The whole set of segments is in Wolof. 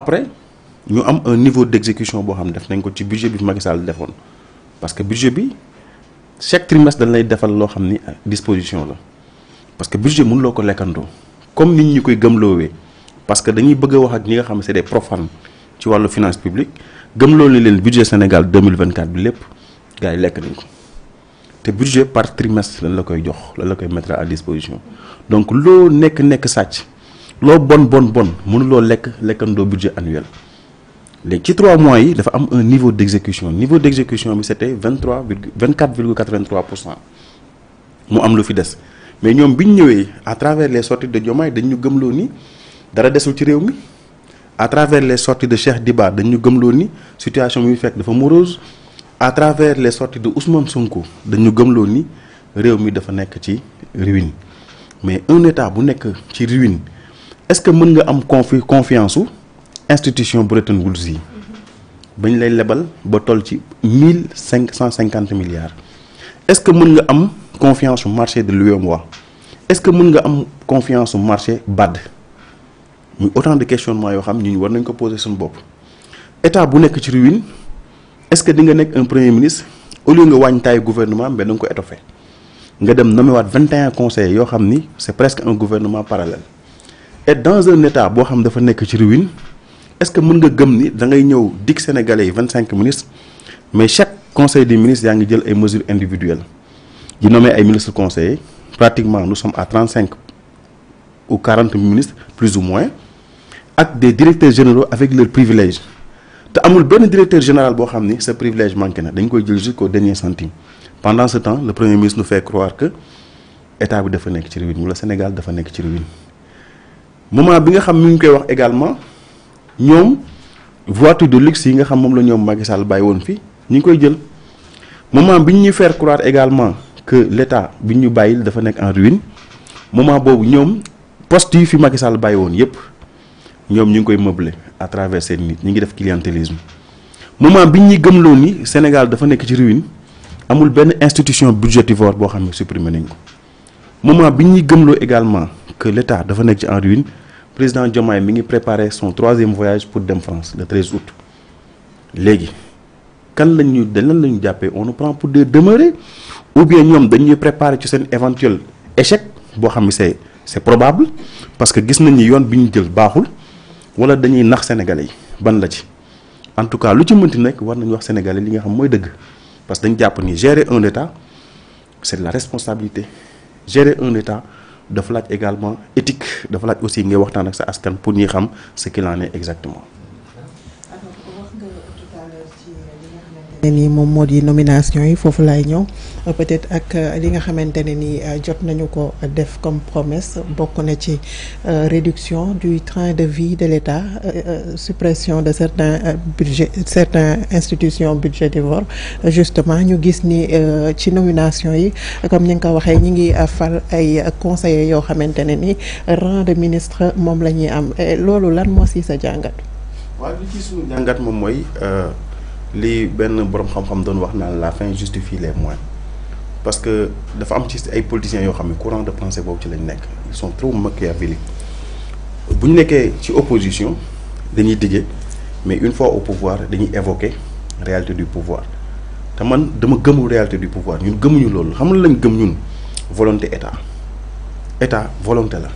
après ñu am un niveau d'exécution bo boo xam def nañ ko ci budget bi Macky Sall defone parce que budget bi chaque trimestre dañ lay defal lo xamni disposition là parce que budget mënuloo ko lekando comme nit ñi koy gëmloowee parce que dañuy bëgg wax ak ñi nga xam c'est des profanes ci walu finance publique gëmloo ni leen budget Sénégal 2024 bi lépp gaay lek nañ ko té budget par trimestre lañ la koy jox lañ la koy mettre à disposition donc lo nek nek sàcc loo bon bon bon mënuloo lekk lekkandoo budget annuel les ci mois yi dafa am un niveau d'exécution niveau d'exécution exécution c'était 23,24,83% était mu am lu fi dess mais ñom biñ ñu à travers les sorties de Diomaye dañ ñu gëmloo ni dara dessul ci réew mi à travers les sorties de Cheikh Diba dañ ñu ni situation bi fekk dafa morose à travers les sorties de Ousmane Sonko dañ ñu gëmloo ni réew mi dafa nekk ci ruine mais un état bu nekk ci ruine est-ce que mën nga am confiance ou institution Bretton Woods yi bañ lay lebal ba toll ci milliards est-ce que mën nga am confiance au marché de l'UE? est-ce que mën nga am confiance le marché BAD autant de questions que xam ñu war nañ ko poser état bu ci ruine est-ce que di nga un premier ministre au lieu nga gouvernement mais da nga ko étoffé nga dem nommer 21 c'est presque un gouvernement parallèle et dans un état bo xam dafa nek ci ruine est-ce que mën nga gëm ni da ngay 25 dig sénégalais ministres mais chaque conseil des ministres a des jël ay mesures individuelles di nommer ay ministres conseillers pratiquement nous sommes à 35 ou 40 ministres plus ou moins avec des directeurs généraux avec leurs privilèges te amul benn directeur général boo xam ni sa privilège manqué na dañ koy jusqu'au dernier centime pendant ce temps le premier ministre nous fait croire que état bi dafa nekk ci ruine wala Sénégal dafa nekk ci ruine moment bi nga xam mi ngi koy wax également ñoom voiture de luxe yi nga xam moom la ñoom Macky Sall bàyyi woon fi ñu ngi koy jël moment bi faire croire également que l' état bi ñu bàyyil dafa nekk en ruine moment boobu ñoom poste yi fi Macky Sall bàyyi woon yëpp ñoom ñu ngi koy meubler à travers seen nit ñi ngi def clientélisme moment bi ñuy gëmloo ni Sénégal dafa nekk ci ruine amul benn institution budgétivore boo xam ne supprimé nañ ko moment bi ñuy gëmloo également que l'État devenait en ruine le président Diomaye préparait son troisième voyage pour dem France le 13 août. Légui, quand nous ñu lan on nous prend pour demeurer ou bien on dañuy préparer ci éventuel échec c'est probable parce que gis nañ ni yoon bi ñu jël baaxul wala dañuy sénégalais ban la en tout cas lu ci mënti war nañ wax sénégalais li nga xam moy dëgg parce que nous avons ni gérer un état C'est la responsabilité gérer un état dafa laaj également éthique dafa laaj aussi ngay waxtaan ak sa askan pour ñuy xam ce qu'il en est exactement ni nii moom moo di nomination yi foofu laay ñëw peut-être ak euh, li nga xamante ne nii euh, jot nañu ko def comme promesse bokk na ci euh, réduction du train de vie de l'État suppression de certains budget certains institutions budgétivores justement ñu gis ni ci nomination yi comme ni nga ko waxee ñi ngi fal ay conseillers yoo xamante ne ni rang de ministre moom la ñuy am loolu lan moo si sa jàngat waaw li ci suñu jàngat moom mooy li ben borom xam-xam doon wax naan la fin justifie les moyens parce que les am ci ay politiciens yoo xam courant de pensée boobu ci ils sont trop machiavéliques bu ñu nekkee ci opposition dañuy diggee mais une fois au pouvoir dañuy évoquer réalité du pouvoir te man dama la réalité du pouvoir ñun gëmuñu loolu xam lañ ñun volonté état état volonté la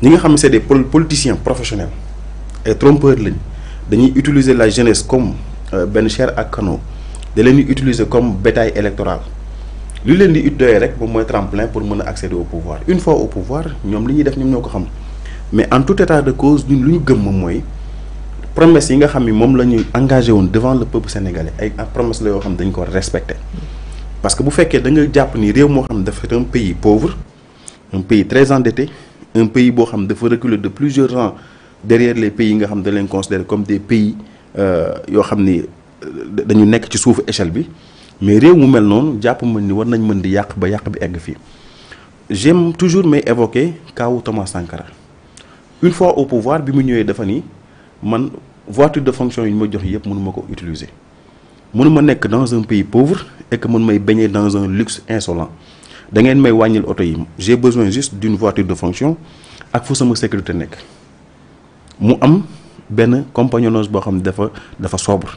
ñi nga xam ne des politiciens professionnels et trompeurs lañ dañuy utiliser la jeunesse comme euh, ben cher ak canot de utiliser comme bétail électoral li leen di doyee rek moom en tremplin pour mën accéder au pouvoir une fois au pouvoir ñom li ñuy def ñom ñoko xam mais en tout état de cause ñun luñu gëm promesse yi nga xam ni engagé devant le peuple sénégalais ay promesse la yo xam dañ ko respecté parce que bu féké da nga japp ni réew mo xam un pays pauvre un pays très endetté un pays qui xam dafa reculer de plusieurs rangs derrière les pays que nga xam da comme des pays euh, yoo xam ni euh, dañu nekk ci suufu échelle bi mais réew mu mel noonu jàpp mën ni war nañ mën di yàq ba yàq bi egg fii j'aime toujours may évoquer kaawu Thomas Sankara une fois au pouvoir bi mu ñëwee dafa ni man voiture de fonction yi ñu ma jox yëpp mënu ma ko utiliser mënu ma nekk dans un pays pauvre et que mën may baigner dans un luxe insolent da ngeen may wàññil oto yi j'ai besoin juste d'une voiture de fonction ak fu sama sécurité nekk mu am ben compagnonnage bo xam ne dafa dafa sobre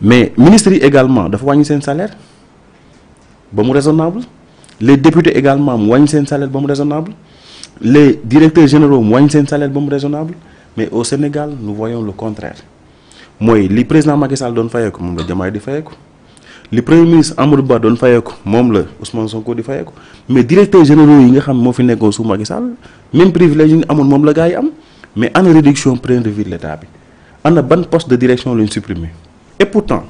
mais ministres également dafa wagn sen salaire ba mu raisonnable les députés également mu wàññi salaire ba mu raisonnable les directeurs généraux mu wàññi salaire ba mu raisonnable mais au Sénégal nous voyons le contraire moy li président Macky Sall doon fayeeku mom la jamaay di fayeeku li premier ministre Amadou Ba doon fayeeku le la Ousmane Sonko di fayeeku mais directeurs généraux yi nga xam mo fi nekkoon sous Macky Sall même privilège yi ñu la gaay am mais en réduction près de vie de l'état bi ana poste de direction la ñu supprimer et pourtant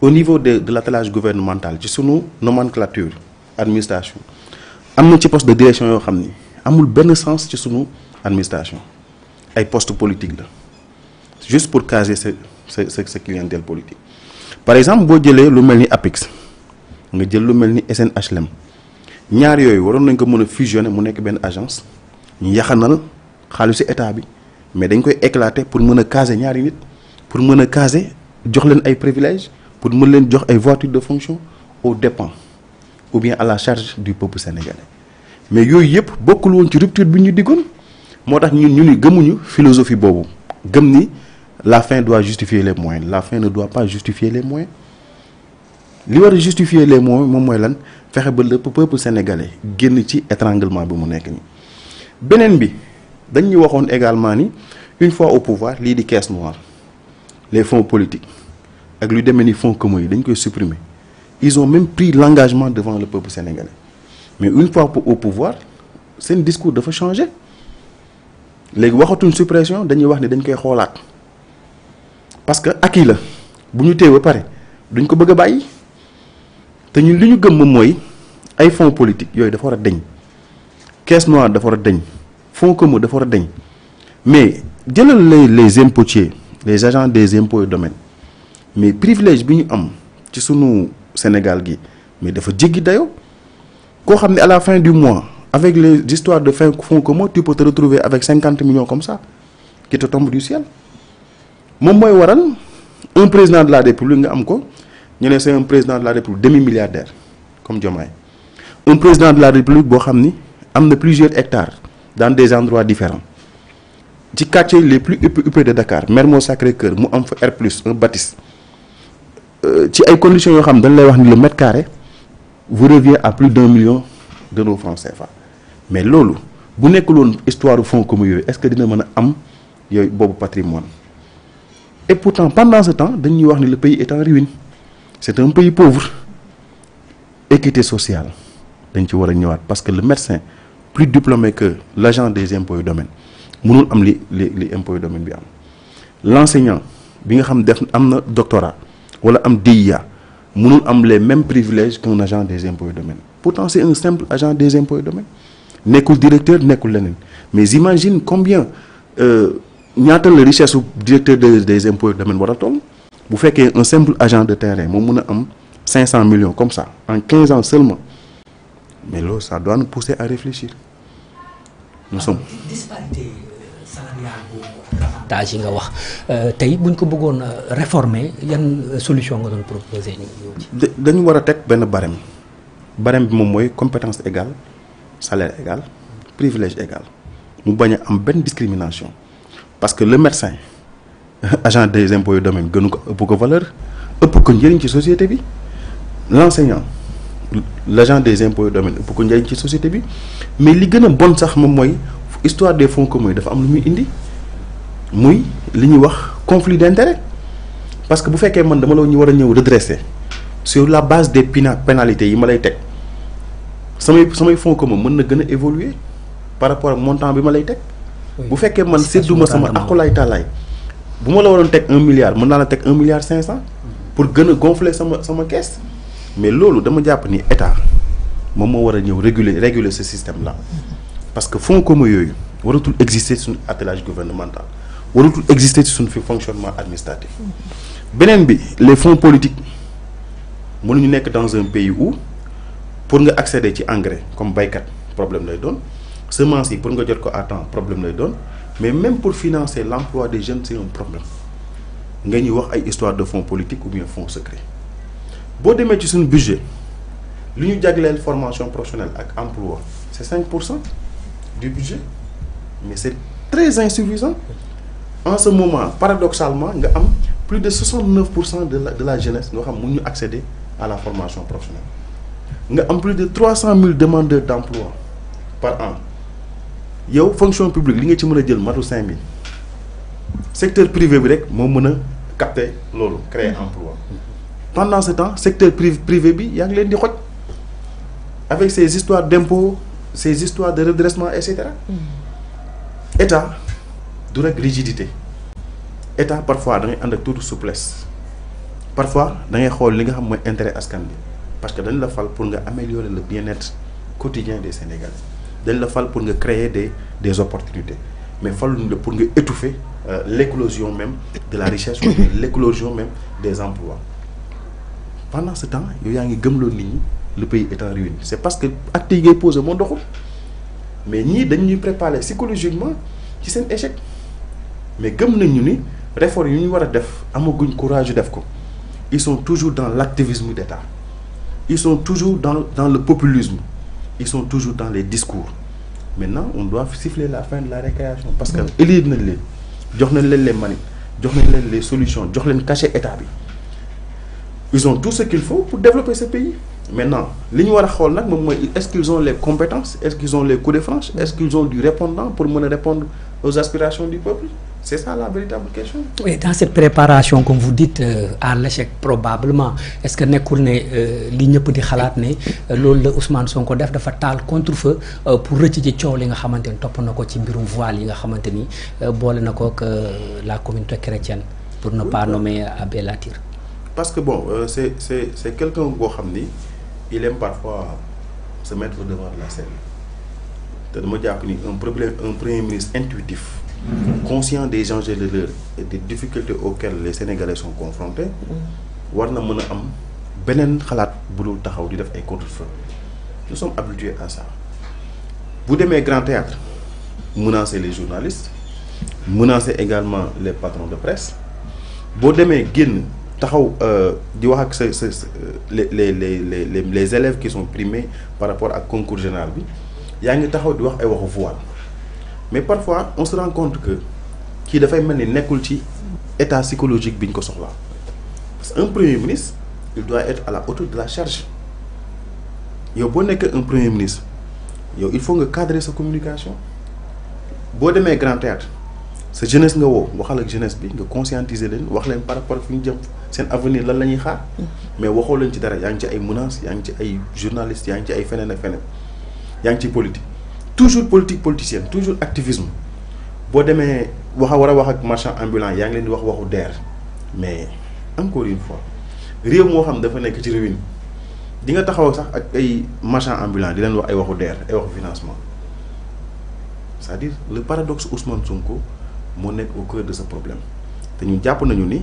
au niveau de de l'attelage gouvernemental ci sunu nomenclature administration y a ci poste de direction yoo xam ni amul ben sens ci sunu administration ay poste politique la juste pour caser ce clientèle politique par exemple Si jëlé lu melni Apex, nga jël lu melni SNHLM ñaar yoy waroon nañ ko mëna fusionner mu nekk ben agence ñu xaalisu état bi mais dañ koy éclater pour mën a caser ñaari nit pour mën a caser jox leen ay privilèges pour mën leen jox ay voitures de fonction au dépens ou bien à la charge du peuple sénégalais mais yooyu yëpp bokkul woon ci rupture bi ñu diggoon moo tax ñun ñu ni gëmuñu philosophie boobu gëm ni la fin doit justifier les moyens la fin ne doit pas justifier les moyens li war a justifier les moyens moom mooy lan fexe ba le peuple sénégalais génn ci étranglement bi mu nekk ni beneen bi dañ ñu waxoon également ni une fois au pouvoir lii di caisse noire les fonds politiques ak lu demee ni fonds communs yi dañ koy supprimer ils ont même pris l'engagement devant le peuple sénégalais mais une fois au pouvoir seen discours dafa changé léegi waxatuñ suppression dañuy wax ne dañ koy xoolaat parce que acquis la bu ñu téye ba pare duñ ko bëgg a bàyyi te ñun li ñu gëm moom mooy ay fonds politiques yooyu dafa war a deñ caisse noire dafa war a deñ Font comme dafa war mais jëlal les les les agents des impôts et domaines mais privilège bi ñu am ci sunu Sénégal gi mais de jéggi dayo koo d'ailleurs, à la fin du mois avec les histoires de fin fonds tu peux te retrouver avec 50 millions comme ça qui te tombent du ciel moi et waral un président de la république nga am ko ñu c'est un président de la république demi milliardaire comme Diomaye un président de la république bo xamni ni plusieurs hectares dans des endroits différents ci quartier les plus huppés de Dakar Mermo Sacré-Cœur mou R plus un Baptiste euh, ci ay conditions que xam dañ le mètre vous revient à plus d'un million de nos francs CFA mais si bu avez une histoire fonds comme yooyu est-ce que dina avez un patrimoine et pourtant pendant ce temps le pays est en ruine c'est un pays pauvre équité sociale dañ ci war parce que le médecin plus diplômé que l'agent des impôts et domaine nous am li les, impôts et domaines l'enseignant bi a un doctorat wala am DIA nous am les mêmes privilèges qu'un agent des impôts et domaine. pourtant c'est un simple agent des impôts et domaines le directeur que l'année. mais imagine combien euh, ñaata richesses richesse du directeur des impôts du domaine Vous faites qu'un simple agent de terrain nous millions comme ça en 15 ans seulement mais là, ça doit nous pousser à réfléchir nous sommes. Ah, disparité salariale euh, boobu avantage yi nga wax euh, tey bu ñu ko euh, réformer solution que doon proposer nii. dañu On a ben barème barème bi moom compétence égale salaire égal privilège égal mu avons une am discrimination parce que le médecin agent des impôts et domaines gënu ko ëpp valeur ëpp que njëriñ ci société bi l'enseignant l'agent des impôts domaine qu'on société mais li qui bonne sax histoire des fonds communs dafa am lu muy indi muy conflit d'intérêt parce que bu fekkee man dama la ñu war a redresser sur la base des pina pénalités yi ma lay teg samay samay fonds communs mën na évoluer par rapport au montant bi ma lay teg bu fekkee man sédduma sama aqulaay talay bu ma la waroon teg un milliard mën la 1 milliard cinq pour gën gonfler sama sama caisse mais lolu dama japp ni état mom mo wara réguler ce système là parce que fonds comme yooyu waratul exister un attelage gouvernemental waratul exister sur un fonctionnement administratif benen les fonds politiques ñu nek dans un pays où pour nga accéder ci engrais comme baykat problème lay doon semence yi pour nga jot ko à temps problème lay doon mais même pour financer l'emploi des jeunes c'est un problème nga ñi wax ay histoire de fonds politiques ou bien fonds secrets. Si on ci le budget lu ñu la formation professionnelle et emploi c'est 5% du budget mais c'est très insuffisant en ce moment paradoxalement plus de 69 de la jeunesse qui xam accéder à la formation professionnelle Nous avons plus de 300 000 demandeurs d'emploi par an yow fonction publique li nga ci a 5 000. secteur privé bi capter créer emploi pendant ce temps secteur privé bi avec ces histoires d'impôts ces histoires de redressement etc.? L'État mm. état être rigidité état parfois da ngay souplesse parfois il y a li nga xam ce intérêt a. parce que dañ la pour améliorer le bien-être quotidien des Sénégalais Il faut pour créer des des opportunités mais il faut pour étouffer euh, l'éclosion même de la richesse l'éclosion même des emplois pendant ce temps yow nit le pays est en ruine c'est parce que acte yi ngay posé moo doxul mais nous dañ ñuy préparer psychologiquement ci seen échec mais gëm les ni réforme yu ñu war def amaguñ courage def ko ils sont toujours dans l'activisme d'État ils sont toujours dans dans le populisme ils sont toujours dans les discours maintenant on doit siffler la fin de la récréation parce que mm. élire nañ leen jox nañ leen les manies jox nañ les solutions jox leen cachet état bi ils ont tout ce qu'il faut pour développer ce pays maintenant est-ce qu'ils ont les compétences est-ce qu'ils ont les coups de franche est-ce qu'ils ont du répondant pour répondre aux aspirations du peuple C'est ça la véritable question. dans cette préparation, comme vous dites, euh, à l'échec probablement, est-ce que nekkul ne euh, li ñëpp di que ne euh, loolu la Ousmane Sonko def dafa taal contre-feu pour retirer les gens li nga xamante ci voile yi la communauté chrétienne pour ne pas nommer Abel Latir parce que bon euh, c'est quelqu'un qui il aime parfois se mettre devant la scène te dama un problème un premier ministre intuitif mm-hmm. conscient des enjeux et des difficultés auxquelles les Sénégalais sont confrontés Il mm-hmm. am taxaw nous sommes habitués à ça vous un grand théâtre menacer les journalistes menacer également les patrons de presse vous demee génn taxaw euh, les les les les les élèves qui sont primés par rapport à concours général il y a taxaw di wax ay voile mais parfois on se rend compte que qui devait mener une culture état psychologique un premier ministre il doit être à la hauteur de la charge Si boo nekkee un premier ministre il faut cadrer sa communication boo demee grand théâtre sa jeunesse nga woo waxal ak jeunesse bi nga conscientiser wax par rapport ak fi avenir lan mm-hmm. mais waxoo leen ci dara ci ay menaces ci journalistes yaa ci ay feneen ak feneen yaa politique toujours politique politicienne toujours activisme boo demee wax wax ak marchand ambulant mais encore une fois réew moo xam dafa nekk ci ruine di nga taxaw sax ak ay di wax ay waxu DER financement c'est-à-dire le paradoxe Ousmane Sonko moo au cœur de ce problème Nous ñu nous nañu ni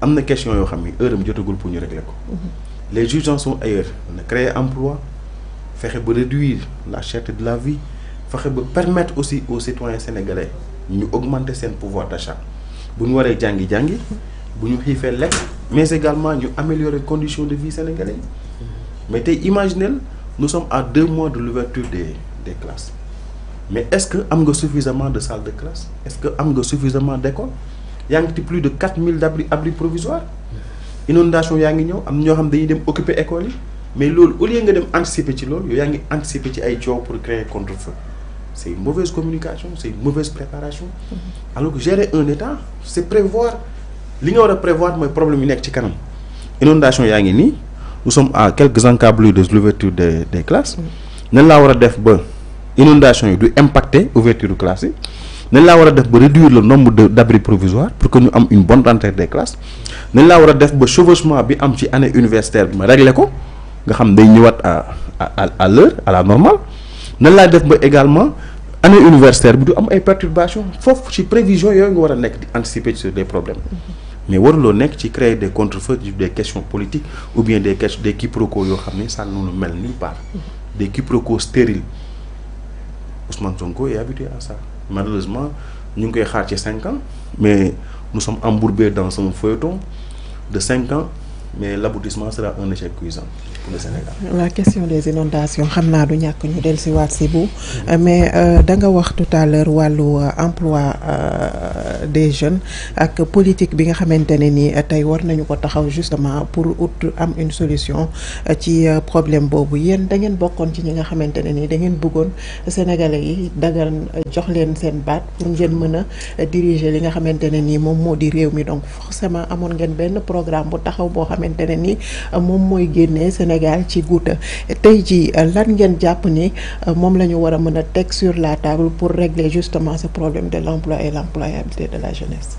am na question yoo xam ni heure pour ñu régler mhm. les juges sont ailleurs créer emploi faire réduire la cherté de la vie faire permettre aussi aux citoyens sénégalais d'augmenter augmenter pouvoirs pouvoir d'achat Nous ñu des jàngi jàngi bu ñu mais également ñu améliorer conditions de vie sénégalais mhm. mais imaginez nous sommes à deux mois de l'ouverture des des classes mais est-ce que y a suffisamment de salles de classe est-ce que y a suffisamment d'écoles? Il y a plus de 4000 abris abris provisoires. inondation il y a am ñoo xam dañuy dem occuper école mais loolu au lieu nga dem anticiper ci loolu anticiper pour créer contre-feu C'est une mauvaise communication c'est une mauvaise préparation mm-hmm. alors que gérer un état c'est prévoir li nga war prévoir mooy problème yu nekk ci kanam inondation a ngi nous sommes à quelques encablures de l'ouverture des des classes mm-hmm. Nous laa war inondation yi du impacter ouverture classe Nous avons laa réduire le nombre d'abris provisoires pour que nous ayons une bonne rentrée des classes Nous avons war le def ba chevauchement bi am universitaire bi ma régler ko nga xam day à à l'heure à la normale Nous avons def ba également année universitaire il du am ay perturbations Il faut, prévision les nga war a anticiper sur les problèmes. mais il faut ci créer des contrefeux des questions politiques ou bien des des quiproquos ça ne nous mêle nulle part. des quiproquos stériles. Ousmane Sonko est habitué à ça malheureusement nous avons koy xaar ci cinq ans mais nous sommes embourbés dans son feuilleton de 5 ans mais l'aboutissement sera un échec cuisant pour le Sénégal. la question des inondations je naa du ñàkk ñu dellusiwaat si bu mais euh, da nga wax tout à l'heure wàllu euh, emploi. Euh, des jeunes ak politique bi nga xamante ni tay war nañu ko taxaw justement pour ut am une solution euh, ci euh, problème bobu yeen da ngeen bokkoon ci nga xamante ni da ngeen bëggoon sénégalais yi dagal euh, jox leen sen baat pour ngeen mën diriger li nga xamante ni mom modi réew mi donc forcément amone ngeen ben programme bu taxaw bo xamante ni mom moy génnee Sénégal ci goutte tay ji lan ngeen japp ni mom la wara mëna a sur la table pour régler justement ce problème de l'emploi et l'employabilité de la jeunesse.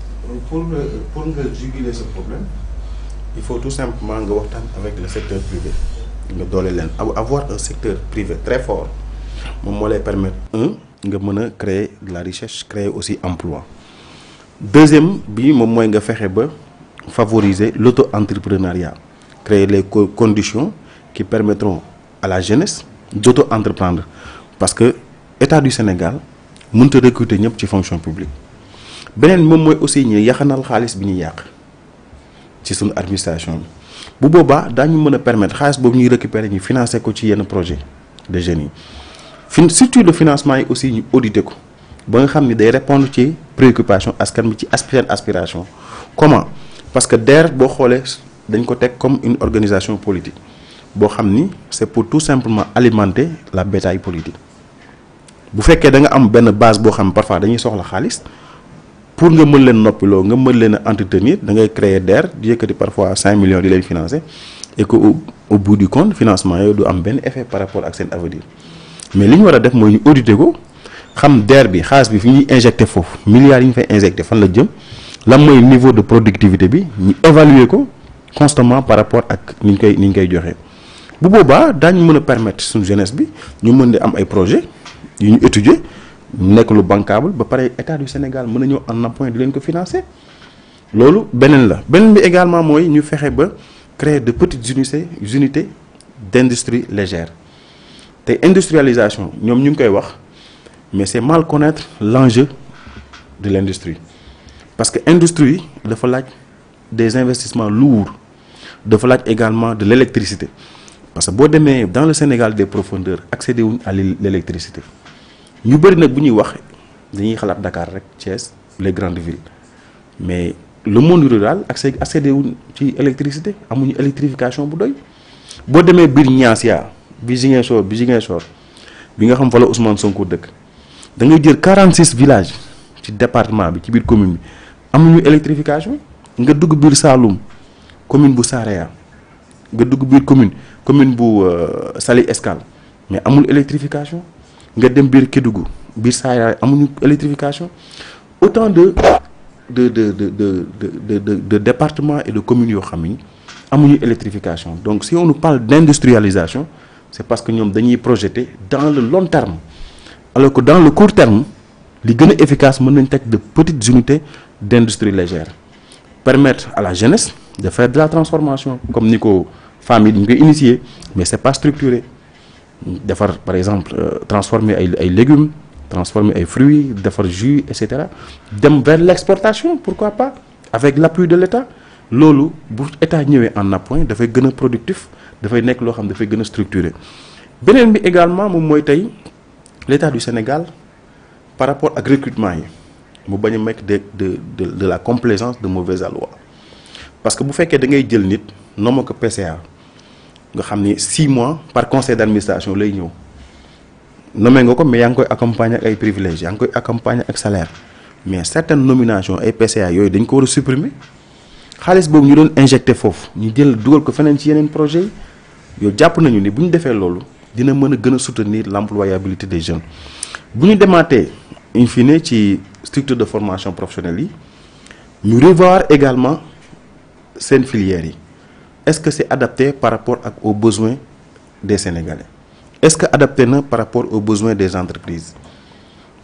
Pour, pour juguler ce problème, il faut tout simplement avec le secteur privé. avoir un secteur privé très fort Je permettre un créer de la recherche créer aussi emploi deuxième bi vais favoriser l'auto entrepreneuriat créer les conditions qui permettront à la jeunesse d'auto entreprendre parce que état du Sénégal monte recruter une fonction publique benen mom moy aussi ñu yaxanal xaalis bi ñuy yaq ci sun administration bu boba dañu mëna permettre xaalis boobu ñuy récupérer ñi financer ko ci yenn projet de jeunes yi fin surtout de financement yi aussi ñu auditer ko ba nga xam day répondre ci préoccupation askan bi ci seen aspiration comment parce que DER bo xolé dañ ko tek comme une organisation politique bo xamni ni c'est pour tout simplement alimenter la bataille politique bu fekkee da nga am benn base boo xam parfois dañuy soxla xaalis pour nga mën leen noppiloo nga mën leen entretenir da ngay créer DER di yëkkati parfois 5 millions di leen financer et que au, bout du compte financement yooyu du am benn effet par rapport ak seen avenir mais li ñu war a def mooy ñu auditer ko xam DER bi xaalis bi fi ñuy injecter foofu milliards yi ñu fay injecter fan la jëm lan mooy niveau de productivité bi ñu évaluer ko constamment par rapport ak ni ñu koy ni ñu koy joxee bu boobaa daañu mën a permettre suñu jeunesse bi ñu mën di am ay projet yu ñu étudier nekk lu bancable ba état du Sénégal mën na en appoint di leen ko financer nous benen la bi également moy ñu ba créer de petites unités unités d'industrie légère té industrialisation ñom ñu koy wax mais c'est mal connaître l'enjeu de l'industrie. parce que l'industrie il des investissements lourds dafa laaj également de l'électricité. parce que bo demee dans le Sénégal des profondeurs accéder à l'électricité ñu bëri nag bu ñuy wax dañuy Dakar rek Thiès les grandes villes mais le monde rural accès accédé à ci électricité amuñu électrification bu doy boo demee biir bi bi bi nga xam Ousmane Sonko dëkk da 46 villages ci département bi ci biir commune bi amuñu électrification nga dugg biir Saloum commune bu Saraya nga dugg commune commune bu euh, Escale mais amul électrification nga dem bir Kédougou électrification autant de de de de de départements et de communes ont xam donc si on nous parle d'industrialisation c'est parce que ñom dañuy projeter dans le long terme alors que dans le court terme li gëna efficace mën de petites unités d'industrie légère permettre à la jeunesse de faire de la transformation comme Nico, famille, femmes mais mais c'est pas structuré faire par exemple euh, transformer les légumes transformer les fruits les jus etc cetera dem vers l'exportation pourquoi pas avec l'appui de l'État lolo bu État ñëwé en appoint de fay gëna productif fay nek lo xam da fay gëna structuré benen bi également moom moy l'État du Sénégal par rapport à recrutement yi mu de de de la complaisance de mauvais lois, parce que bu féké da ngay jël nit nomme ko PCA nga six mois par conseil d'administration lay ñëw nommé nga ko mais yaa koy accompagner avec ay privilèges yaa koy accompagner ak salaire mais certaines nominations ay PCA nous dañ ko war a supprimer ñu injecté les ñu jël dugal ko projet Yo yow jàpp nañu ni bu ñu defee dina soutenir l'employabilité des jeunes bu ñu demaatee in fine ci structure de formation professionnelle nous revoir également cette filières est-ce que c'est adapté par rapport aux besoins des Sénégalais est-ce que adapté par rapport aux besoins des entreprises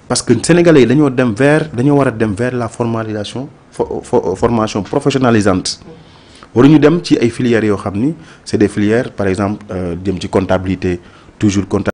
parce que les Sénégalais ils ont vers la formalisation formation professionnalisante dem filières c'est des filières par exemple euh, comptabilité toujours comptabilité